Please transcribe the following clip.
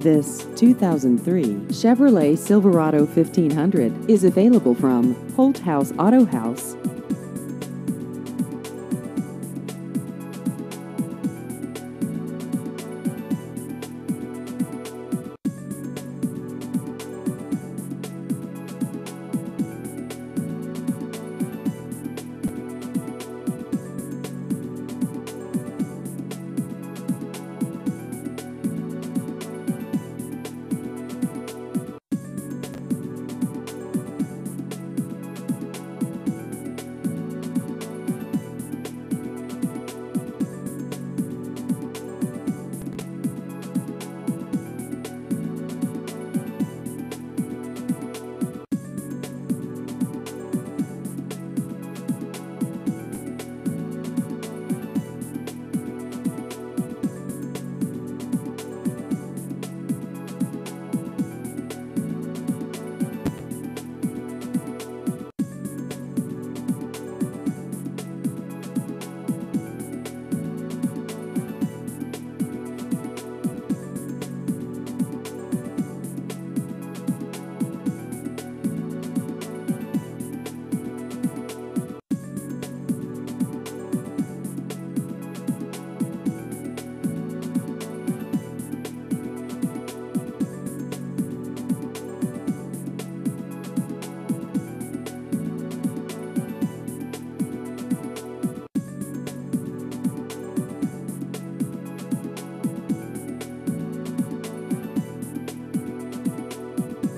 This 2003 Chevrolet Silverado 1500 is available from Holt House Auto House.